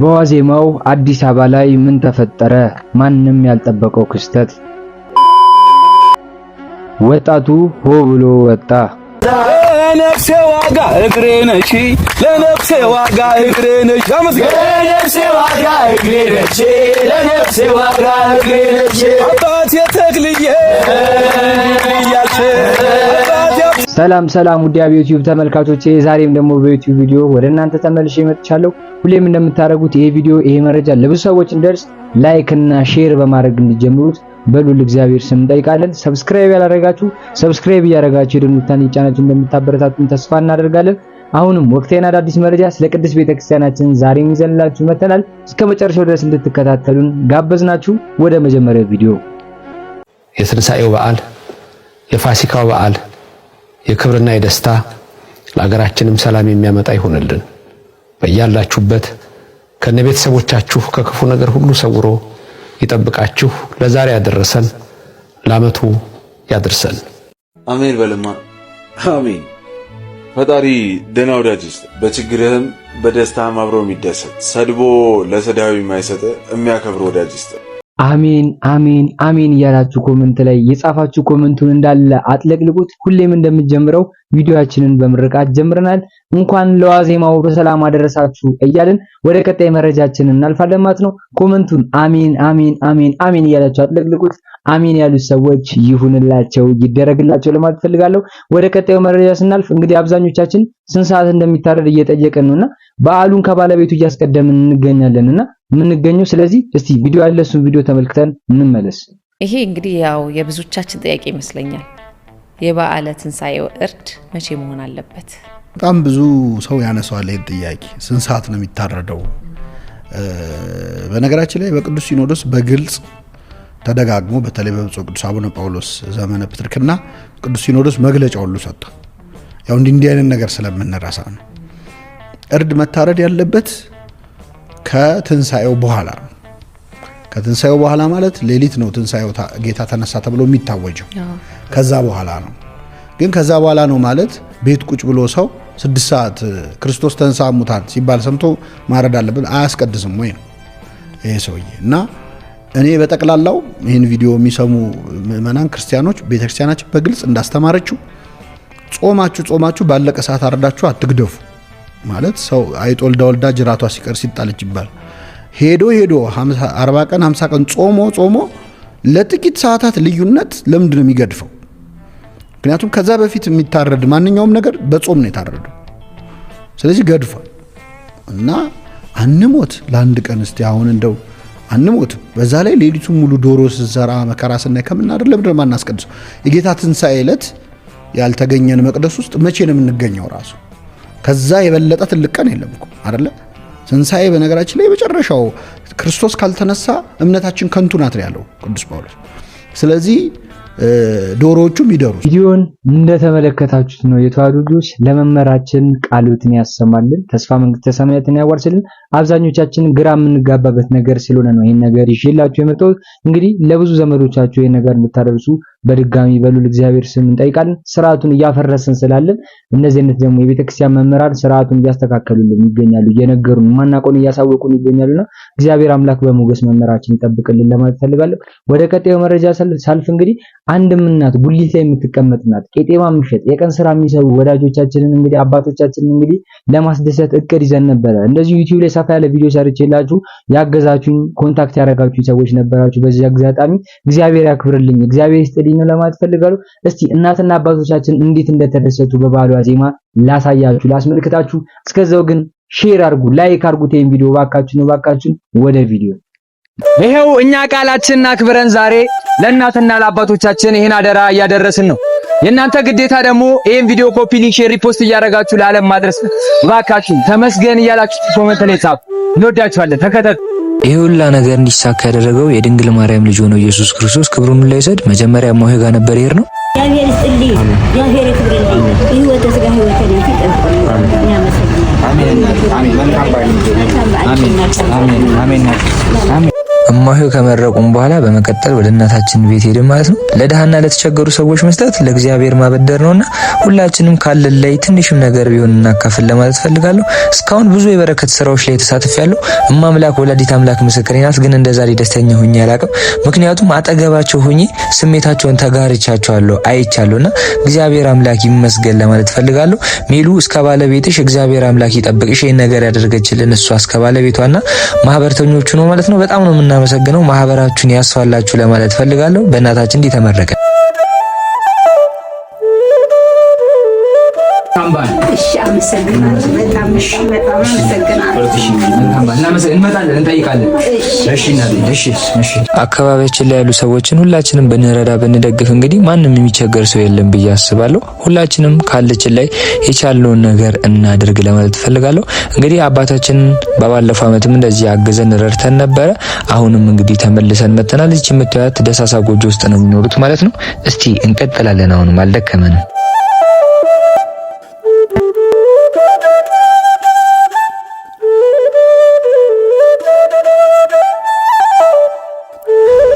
በዋዜማው አዲስ አበባ ላይ ምን ተፈጠረ? ማንም ያልጠበቀው ክስተት። ወጣቱ ሆ ብሎ ወጣ። ለነፍሴ ዋጋ እግሬ ነሽ፣ ለነፍሴ ዋጋ እግሬ ነሽ፣ ለነፍሴ ዋጋ እግሬ ነሽ፣ ለነፍሴ ዋጋ እግሬ ነሽ አባት የተክልዬ ሰላም ሰላም ውዲያ ዩቲዩብ ተመልካቾቼ፣ ዛሬም ደግሞ በዩቲዩብ ቪዲዮ ወደ እናንተ ተመልሼ መጥቻለሁ። ሁሌም እንደምታደርጉት ይሄ ቪዲዮ ይሄ መረጃ ለብዙ ሰዎች እንደርስ ላይክ እና ሼር በማድረግ እንዲጀምሩት በሉል እግዚአብሔር ስም እንጠይቃለን። ሰብስክራይብ ያላረጋችሁ ሰብስክራይብ እያረጋችሁ የደንታን ጫናችሁ እንደምታበረታቱን ተስፋ እናደርጋለን። አሁንም ወቅታዊና አዳዲስ መረጃ ስለ ቅድስት ቤተክርስቲያናችን ዛሬም ይዘንላችሁ መተናል። እስከ መጨረሻው ድረስ እንድትከታተሉን ጋበዝናችሁ። ወደ መጀመሪያው ቪዲዮ የትንሳኤው በዓል የፋሲካው በዓል የክብርና የደስታ ለሀገራችንም ሰላም የሚያመጣ ይሆንልን። በያላችሁበት ከነ ቤተሰቦቻችሁ ከክፉ ነገር ሁሉ ሰውሮ ይጠብቃችሁ። ለዛሬ ያደረሰን ለአመቱ ያድርሰን። አሜን በልማ አሜን። ፈጣሪ ደና ወዳጅ ውስጥ በችግርህም በደስታህም አብሮ የሚደሰት ሰድቦ ለሰዳዊ የማይሰጥ የሚያከብር ወዳጅ ውስጥ አሜን አሜን አሜን እያላችሁ ኮመንት ላይ የጻፋችሁ ኮመንቱን እንዳለ አጥለቅልቁት። ሁሌም እንደምትጀምረው ቪዲዮአችንን በምርቃት ጀምረናል። እንኳን ለዋዜማው በሰላም አደረሳችሁ እያልን ወደ ቀጣይ መረጃችን እናልፋለን ማለት ነው። ኮመንቱን አሜን አሜን አሜን አሜን እያላችሁ አጥለቅልቁት። አሜን ያሉት ሰዎች ይሁንላቸው፣ ይደረግላቸው ለማለት ፈልጋለሁ። ወደ ቀጣዩ መረጃ ስናልፍ እንግዲህ አብዛኞቻችን ስንት ሰዓት እንደሚታረድ እየጠየቀን ነውና በዓሉን ከባለቤቱ እያስቀደምን እንገኛለንና የምንገኘው። ስለዚህ እስቲ ቪዲዮ ያለሱን እሱን ቪዲዮ ተመልክተን እንመለስ። ይሄ እንግዲህ ያው የብዙቻችን ጥያቄ ይመስለኛል። የበዓለ ትንሣኤው እርድ መቼ መሆን አለበት? በጣም ብዙ ሰው ያነሳዋል ይህን ጥያቄ። ስንት ሰዓት ነው የሚታረደው? በነገራችን ላይ በቅዱስ ሲኖዶስ በግልጽ ተደጋግሞ በተለይ በብፁዕ ቅዱስ አቡነ ጳውሎስ ዘመነ ፕትርክና ቅዱስ ሲኖዶስ መግለጫ ሁሉ ሰጥቷል። ያው እንዲህ እንዲህ አይነት ነገር ስለምንረሳ ነው እርድ መታረድ ያለበት ከትንሣኤው በኋላ ነው። ከትንሣኤው በኋላ ማለት ሌሊት ነው። ትንሣኤው ጌታ ተነሳ ተብሎ የሚታወጀው ከዛ በኋላ ነው። ግን ከዛ በኋላ ነው ማለት ቤት ቁጭ ብሎ ሰው ስድስት ሰዓት ክርስቶስ ተንሳ ሙታን ሲባል ሰምቶ ማረድ አለብን አያስቀድስም ወይ ነው ይሄ ሰውዬ። እና እኔ በጠቅላላው ይህን ቪዲዮ የሚሰሙ ምእመናን ክርስቲያኖች፣ ቤተክርስቲያናችን በግልጽ እንዳስተማረችው ጾማችሁ ጾማችሁ ባለቀ ሰዓት አርዳችሁ አትግደፉ። ማለት ሰው አይጥ ወልዳ ወልዳ ጅራቷ ሲቀር ሲጣለች ይባል ሄዶ ሄዶ 40 ቀን 50 ቀን ጾሞ ጾሞ ለጥቂት ሰዓታት ልዩነት ለምንድን ነው የሚገድፈው? ምክንያቱም ከዛ በፊት የሚታረድ ማንኛውም ነገር በጾም ነው የታረደው። ስለዚህ ገድፏል እና አንሞት ለአንድ ቀን እስቲ አሁን እንደው አንሞት። በዛ ላይ ሌሊቱ ሙሉ ዶሮ ስንሰራ መከራ ስናይ ከምናደር ለምንድን ነው ማናስቀድሰው? የጌታ ትንሣኤ ዕለት ያልተገኘን መቅደስ ውስጥ መቼ ነው የምንገኘው ራሱ ከዛ የበለጠ ትልቅ ቀን የለም እኮ አይደለ? ትንሣኤ በነገራችን ላይ የመጨረሻው ክርስቶስ ካልተነሳ እምነታችን ከንቱ ናት ያለው ቅዱስ ጳውሎስ። ስለዚህ ዶሮዎቹም ይደሩ። ቪዲዮን እንደተመለከታችሁት ነው የተዋሕዶ ልጆች ለመምህራችን ቃሎትን ያሰማልን፣ ተስፋ መንግስተ ሰማያትን ያወርስልን። አብዛኞቻችን ግራ የምንጋባበት ነገር ስለሆነ ነው ይህን ነገር ይዤላችሁ የመጣሁት። እንግዲህ ለብዙ ዘመዶቻችሁ ይህን ነገር እንድታደርሱ በድጋሚ በሉል እግዚአብሔር ስም እንጠይቃለን። ስርዓቱን እያፈረስን ስላለን እነዚህ አይነት ደግሞ የቤተክርስቲያን መምህራን ስርዓቱን እያስተካከሉልን ይገኛሉ፣ እየነገሩን ማናቆን እያሳወቁን ይገኛሉና እግዚአብሔር አምላክ በሞገስ መምህራችን ይጠብቅልን ለማለት ፈልጋለሁ። ወደ ቀጣዩ መረጃ ሳልፍ እንግዲህ አንድም እናት ጉሊት ላይ የምትቀመጥ ናት። ቄጤማ ምሸጥ የቀን ስራ የሚሰሩ ወዳጆቻችንን እንግዲህ አባቶቻችንን እንግዲህ ለማስደሰት እቅድ ይዘን ነበረ። እንደዚሁ ዩቲዩብ ላይ ሰፋ ያለ ቪዲዮ ሰርቼላችሁ ያገዛችሁኝ ኮንታክት ያደረጋችሁኝ ሰዎች ነበራችሁ። በዚህ አጋጣሚ እግዚአብሔር ያክብርልኝ፣ እግዚአብሔር ይስጥልኝ ነው ለማለት ፈልጋለሁ። እስቲ እናትና አባቶቻችን እንዴት እንደተደሰቱ በባሏ ዜማ ላሳያችሁ፣ ላስመልክታችሁ። እስከዛው ግን ሼር አድርጉ፣ ላይክ አድርጉት ይሄን ቪዲዮ ባካችሁ ነው ባካችሁ። ወደ ቪዲዮ ይሄው እኛ ቃላችንን አክብረን ዛሬ ለእናትና ለአባቶቻችን ይህን አደራ እያደረስን ነው። የእናንተ ግዴታ ደግሞ ይህን ቪዲዮ ኮፒ፣ ሊንክ፣ ሼር፣ ሪፖስት እያደረጋችሁ ለዓለም ማድረስ እባካችሁ ተመስገን እያላችሁ ኮመንት ላይ ጻፉ። እንወዳችኋለን። ተከታተሉ። ይህ ሁላ ነገር እንዲሳካ ያደረገው የድንግል ማርያም ልጅ ሆነው ኢየሱስ ክርስቶስ ክብሩን ላይሰድ መጀመሪያ ሞሄ ጋር ነበር ይሄድ ነው እግዚአብሔር እግዚአብሔር ስጋ አሜን። አሜን። አሜን። አሜን። አሜን። እማሁ ከመረቁም በኋላ በመቀጠል ወደ እናታችን ቤት ሄድን ማለት ነው። ለድሃና ለተቸገሩ ሰዎች መስጠት ለእግዚአብሔር ማበደር ነውና ሁላችንም ካለን ላይ ትንሽም ነገር ቢሆን እናካፍል ለማለት ፈልጋለሁ። እስካሁን ብዙ የበረከት ስራዎች ላይ ተሳትፍ ያለው እማምላክ ወላዲት አምላክ ምስክሬ ናት። ግን እንደዛ ላይ ደስተኛ ሆኜ አላቅም። ምክንያቱም አጠገባቸው ሆኜ ስሜታቸውን ተጋርቻቸዋለሁ፣ አይቻለሁና እግዚአብሔር አምላክ ይመስገን ለማለት ፈልጋለሁ። ሚሉ እስከ ባለቤትሽ እግዚአብሔር አምላክ ይጠብቅሽ፣ ይህን ነገር ያደርገችልን እሷ እስከ ባለቤቷና ማህበርተኞቹ ነው ማለት ነው። በጣም ነው የምናመሰግነው ማህበራችሁን ያስፋላችሁ ለማለት ፈልጋለሁ። በእናታችን እንዲህ ተመረቀ። እሺ፣ አመሰግናለሁ በጣም እሺ፣ በጣም አመሰግናለሁ። እንመጣለን፣ እንጠይቃለን። አካባቢያችን ላይ ያሉ ሰዎችን ሁላችንም ብንረዳ ብንደግፍ እንግዲህ ማንም የሚቸገር ሰው የለም ብዬ አስባለሁ። ሁላችንም ካለችን ላይ የቻልነውን ነገር እናድርግ ለማለት ፈልጋለሁ። እንግዲህ አባታችንን በባለፈው አመትም እንደዚህ አግዘን ረድተን ነበረ። አሁንም እንግዲህ ተመልሰን መተናል። እቺ የምታዩት ደሳሳ ጎጆ ውስጥ ነው የሚኖሩት ማለት ነው። እስቲ እንቀጥላለን። አሁንም አልደከመንም።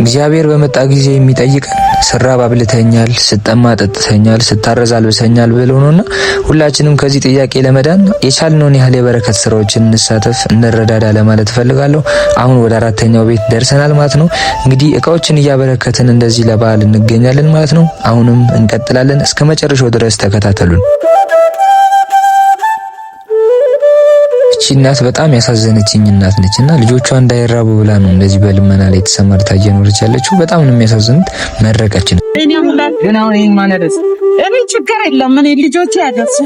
እግዚአብሔር በመጣ ጊዜ የሚጠይቀን ስራብ አብልተኛል፣ ስጠማ ጠጥተኛል፣ ስታረዝ አልብሰኛል ብሎ ነውና ሁላችንም ከዚህ ጥያቄ ለመዳን የቻልነውን ያህል የበረከት ስራዎችን እንሳተፍ፣ እንረዳዳ ለማለት እፈልጋለሁ። አሁን ወደ አራተኛው ቤት ደርሰናል ማለት ነው። እንግዲህ እቃዎችን እያበረከትን እንደዚህ ለበዓል እንገኛለን ማለት ነው። አሁንም እንቀጥላለን። እስከ መጨረሻው ድረስ ተከታተሉን። ይቺ እናት በጣም ያሳዘነችኝ እናት ነች እና ልጆቿ እንዳይራቡ ብላ ነው እንደዚህ በልመና ላይ ተሰማርታ እየኖረች ያለችው። በጣም ነው የሚያሳዝኑት። ነው ችግር የለም ልጆች ያደርሱ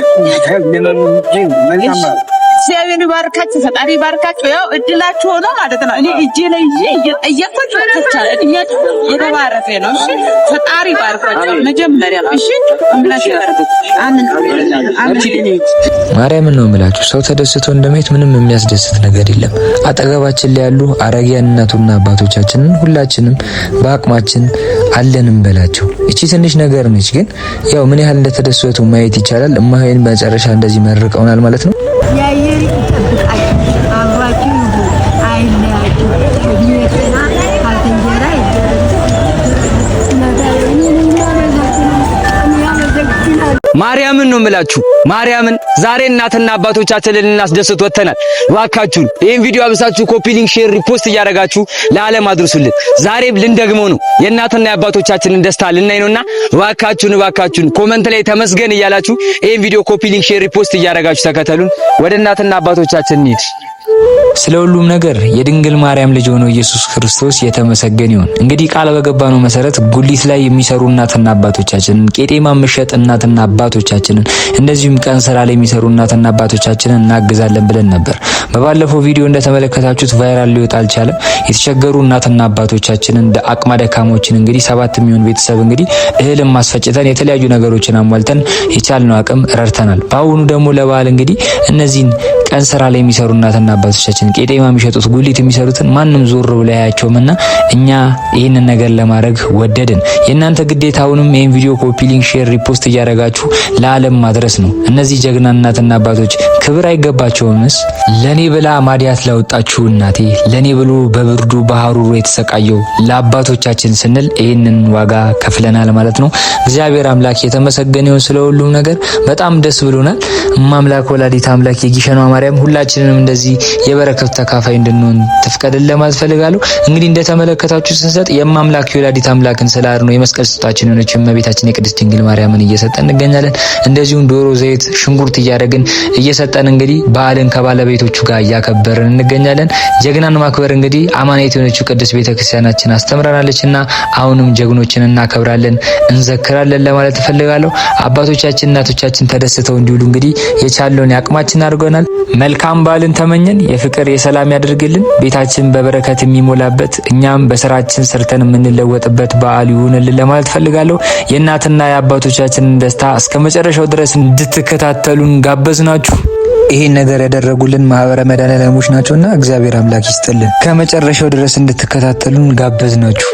እግዚአብሔር ይባርካችሁ፣ ፈጣሪ ይባርካችሁ። ያው እድላችሁ ሆኖ ማለት ነው። እኔ እጄ ላይ ይዤ እየጠየቅኩት ወጥቻለሁ። እድሜያችሁ የተባረከ ነው። እሺ ፈጣሪ ይባርካችሁ። መጀመሪያ እሺ አምላክ ይባርክ። አሜን። ማርያምን ነው የምላችሁ። ሰው ተደስቶ እንደማየት ምንም የሚያስደስት ነገር የለም። አጠገባችን ላይ ያሉ አረጋውያን እናቱና አባቶቻችንን ሁላችንም በአቅማችን አለንም በላቸው። እቺ ትንሽ ነገር ነች፣ ግን ያው ምን ያህል እንደተደሰቱ ማየት ይቻላል። እማሆይን መጨረሻ እንደዚህ መርቀውናል ማለት ነው። Yayiri. ነው የምላችሁ ማርያምን ዛሬ እናትና አባቶቻችንን ልናስደስት ወጥተናል። እባካችሁን ይህን ቪዲዮ አብሳችሁ ኮፒ ሊንክ፣ ሼር፣ ሪፖስት እያደረጋችሁ ለዓለም አድርሱልን። ዛሬ ልንደግመው ነው የእናትና የአባቶቻችንን ደስታ ልናይ ነውና እባካችሁን እባካችሁን ኮመንት ላይ ተመስገን እያላችሁ ይህን ቪዲዮ ኮፒ ሊንክ፣ ሼር፣ ሪፖስት እያደረጋችሁ ተከተሉን። ወደ እናትና አባቶቻችን እንሂድ። ስለ ሁሉም ነገር የድንግል ማርያም ልጅ የሆነው ኢየሱስ ክርስቶስ የተመሰገን ይሁን። እንግዲህ ቃል በገባነው መሰረት ጉሊት ላይ የሚሰሩ እናትና አባቶቻችንን፣ ቄጤማ መሸጥ እናትና አባቶቻችንን፣ እንደዚሁም ቀን ስራ ላይ የሚሰሩ እናትና አባቶቻችንን እናግዛለን ብለን ነበር። በባለፈው ቪዲዮ እንደተመለከታችሁት ቫይራል ሊወጣ አልቻለም። የተቸገሩ እናትና አባቶቻችንን አቅመ ደካሞችን እንግዲህ ሰባት የሚሆን ቤተሰብ እንግዲህ እህልም ማስፈጭተን የተለያዩ ነገሮችን አሟልተን የቻልነው አቅም ረድተናል። በአሁኑ ደግሞ ለበዓል እንግዲህ እነዚህን ቀን ስራ ላይ የሚሰሩ እናትና አባቶቻችን ቄጤማ የሚሸጡት ጉሊት የሚሰሩትን ማንም ዞር ብሎ ያያቸውምና እኛ ይህንን ነገር ለማድረግ ወደድን። የእናንተ ግዴታ አሁንም ይህን ቪዲዮ ኮፒ፣ ሊንክ፣ ሼር፣ ሪፖስት እያደረጋችሁ ለዓለም ማድረስ ነው። እነዚህ ጀግና እናትና አባቶች ክብር አይገባቸውምስ? ለእኔ ብላ ማዲያት ላወጣችሁ እናቴ፣ ለእኔ ብሎ በብርዱ በሐሩሩ የተሰቃየው ለአባቶቻችን ስንል ይህንን ዋጋ ከፍለናል ማለት ነው። እግዚአብሔር አምላክ የተመሰገነ ይሁን ስለ ሁሉም ነገር። በጣም ደስ ብሎናል። እማምላክ ወላዲት አምላክ የጊሸኗ ማርያም ሁላችንንም እንደዚህ የበረከት ተካፋይ እንድንሆን ትፍቀድን ለማለት ፈልጋለሁ። እንግዲህ እንደተመለከታችሁ ስንሰጥ የማምላክ የወላዲት አምላክን ስለ አድኖ የመስቀል ስጦታችን የሆነች እመቤታችን የቅድስት ድንግል ማርያምን እየሰጠን እንገኛለን። እንደዚሁም ዶሮ፣ ዘይት፣ ሽንኩርት እያደረግን እየሰጠን እንግዲህ በዓልን ከባለቤቶቹ ጋር እያከበርን እንገኛለን። ጀግናን ማክበር እንግዲህ አማናዊት የሆነችው ቅድስት ቤተክርስቲያናችን አስተምረናለች እና አሁንም ጀግኖችን እናከብራለን እንዘክራለን ለማለት እፈልጋለሁ። አባቶቻችን እናቶቻችን ተደስተው እንዲውሉ እንግዲህ የቻለውን ያቅማችን አድርገናል። መልካም በዓልን ተመኘን። የፍቅር የሰላም ያደርግልን። ቤታችን በበረከት የሚሞላበት እኛም በስራችን ሰርተን የምንለወጥበት በዓል ይሁንልን ለማለት ፈልጋለሁ። የእናትና የአባቶቻችንን ደስታ እስከ መጨረሻው ድረስ እንድትከታተሉን ጋበዝ ናችሁ። ይህን ነገር ያደረጉልን ማህበረ መድኃኔዓለሞች ናቸውና እግዚአብሔር አምላክ ይስጥልን። ከመጨረሻው ድረስ እንድትከታተሉን ጋበዝ ናችሁ።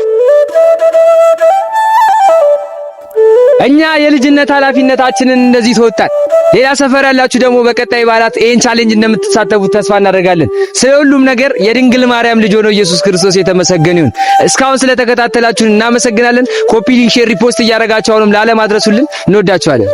እኛ የልጅነት ኃላፊነታችንን እንደዚህ ተወጣን። ሌላ ሰፈር ያላችሁ ደግሞ በቀጣይ በዓላት ይህን ቻሌንጅ እንደምትሳተፉ ተስፋ እናደርጋለን። ስለ ሁሉም ነገር የድንግል ማርያም ልጅ ሆነው ኢየሱስ ክርስቶስ የተመሰገነ ይሁን። እስካሁን ስለተከታተላችሁን እናመሰግናለን። ኮፒ፣ ሊንክ፣ ሼር፣ ሪፖስት እያደረጋችሁ አሁንም ለዓለም አድረሱልን። እንወዳችኋለን።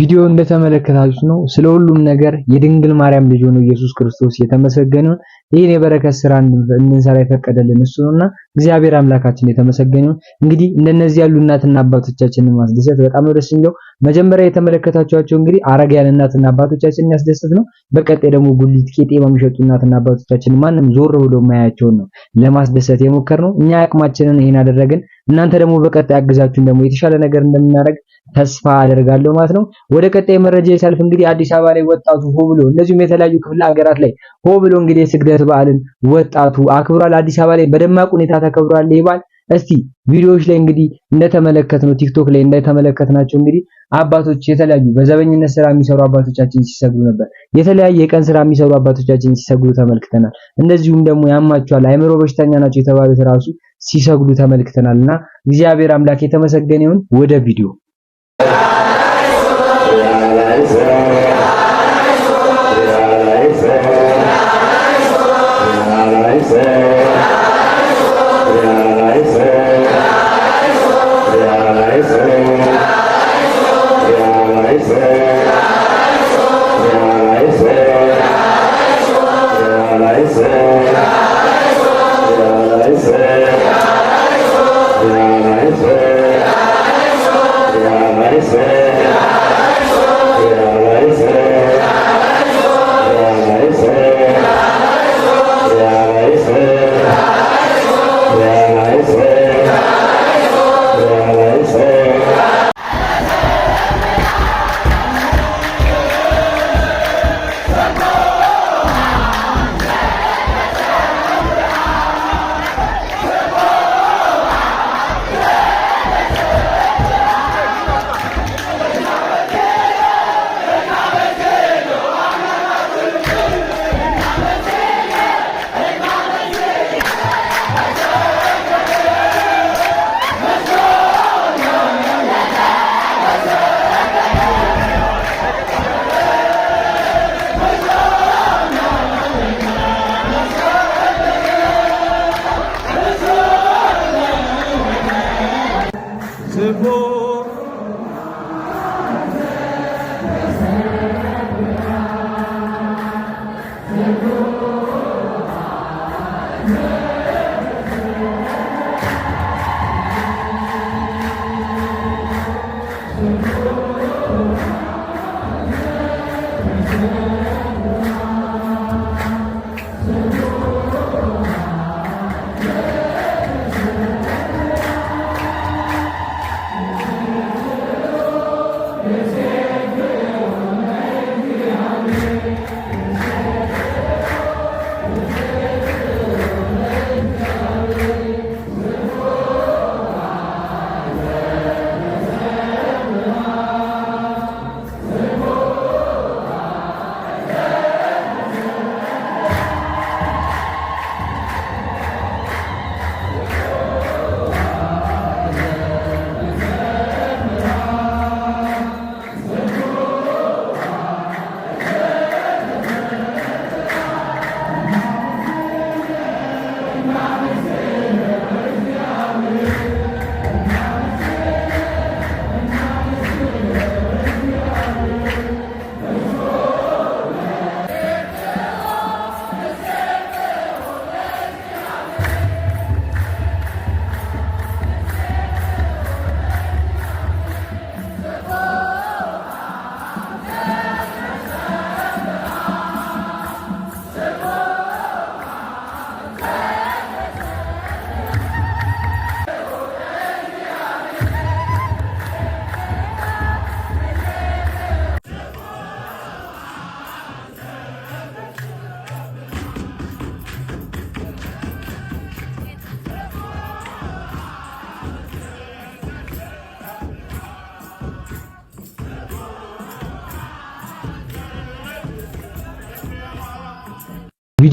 ቪዲዮ እንደተመለከታችሁ ነው። ስለ ሁሉም ነገር የድንግል ማርያም ልጅ ሆኖ ኢየሱስ ክርስቶስ የተመሰገነ ይህን የበረከት ስራ እንድንሰራ የፈቀደልን እሱ ነውና እግዚአብሔር አምላካችን የተመሰገነው። እንግዲህ እንደነዚህ ያሉ እናትና አባቶቻችንን ማስደሰት በጣም ነው ደስ የሚለው። መጀመሪያ የተመለከታችኋቸው እንግዲህ አረጋያን እናትና አባቶቻችንን ያስደስት ነው። በቀጣይ ደግሞ ጉሊት ቄጤ የሚሸጡ እናትና አባቶቻችን ማንም ዞር ብሎ የማያቸውን ነው ለማስደሰት ነው። እኛ አቅማችንን ይሄን አደረግን። እናንተ ደግሞ በቀጣይ አግዛችሁን ደግሞ የተሻለ ነገር እንደምናደርግ ተስፋ አደርጋለሁ ማለት ነው። ወደ ቀጣይ መረጃ የሳልፍ እንግዲህ አዲስ አበባ ላይ ወጣቱ ሆ ብሎ እንደዚሁም የተለያዩ ክፍለ ሀገራት ላይ ሆ ብሎ እንግዲህ የስግደት በዓልን ወጣቱ አክብሯል። አዲስ አበባ ላይ በደማቅ ሁኔታ ተከብሯል ይህ በዓል። እስቲ ቪዲዮዎች ላይ እንግዲህ እንደተመለከትነው ቲክቶክ ላይ እንደተመለከትናቸው እንግዲህ አባቶች የተለያዩ በዘበኝነት ስራ የሚሰሩ አባቶቻችን ሲሰግዱ ነበር። የተለያየ የቀን ስራ የሚሰሩ አባቶቻችን ሲሰግዱ ተመልክተናል። እንደዚሁም ደግሞ ያማቸዋል፣ አእምሮ በሽተኛ ናቸው የተባሉት ራሱ ሲሰግዱ ተመልክተናል እና እግዚአብሔር አምላክ የተመሰገነ ይሁን። ወደ ቪዲዮ la.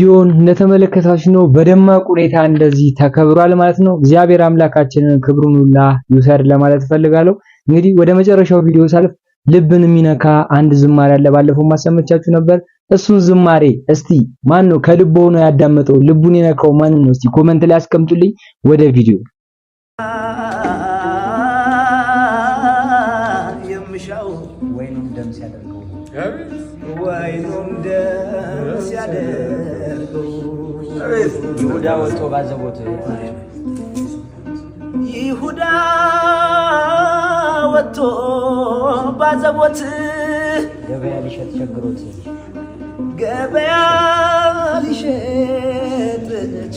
ቪዲዮውን እንደተመለከታችሁ ነው በደማቅ ሁኔታ እንደዚህ ተከብሯል ማለት ነው። እግዚአብሔር አምላካችንን ክብሩን ሁላ ይውሰድ ለማለት ፈልጋለሁ። እንግዲህ ወደ መጨረሻው ቪዲዮ ሳልፍ ልብን የሚነካ አንድ ዝማሬ አለ። ባለፈው ማሰመቻችሁ ነበር። እሱን ዝማሬ እስቲ ማን ነው ከልቦ ነው ያዳመጠው? ልቡን የነካው ማን ነው? እስቲ ኮመንት ላይ አስቀምጡልኝ። ወደ ቪዲዮ ይሁዳ ወጦ ባዘቦት ይሁዳ ወጥቶ ባዘቦት ገበያ ሊሸጥ ቸግሮት ገበያ ሊሸጥ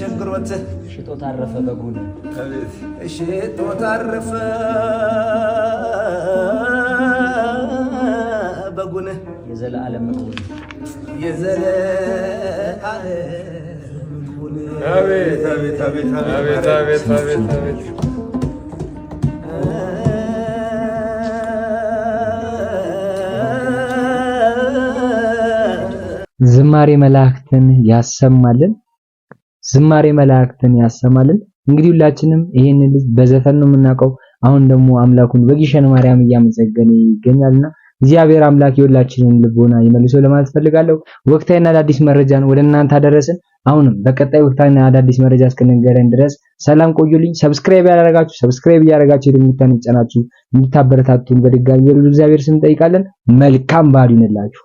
ቸግሮት ሽጦ ታረፈ በጉን ሽጦ ታረፈ በጉን የዘለዓለም ምግቡን የዘለዓለም ዝማሬ መላእክትን ያሰማልን። ዝማሬ መላእክትን ያሰማልን። እንግዲህ ሁላችንም ይሄንን ልጅ በዘፈን ነው የምናውቀው። አሁን ደግሞ አምላኩን በጊሸን ማርያም እያመሰገነ ይገኛልና እግዚአብሔር አምላክ የሁላችንን ልቦና ይመልሶ ለማለት ፈልጋለሁ። ወቅታዊና አዳዲስ መረጃን ወደ እናንተ አደረስን። አሁንም በቀጣይ ወቅታዊና አዳዲስ መረጃ እስክንገረን ድረስ ሰላም ቆዩልኝ። ሰብስክራይብ ያደረጋችሁ ሰብስክራይብ እያረጋችሁ የደምታን ጫናችሁ እንድታበረታቱን በድጋሚ በልዑል እግዚአብሔር ስም እንጠይቃለን። መልካም ባህል ይሁንላችሁ።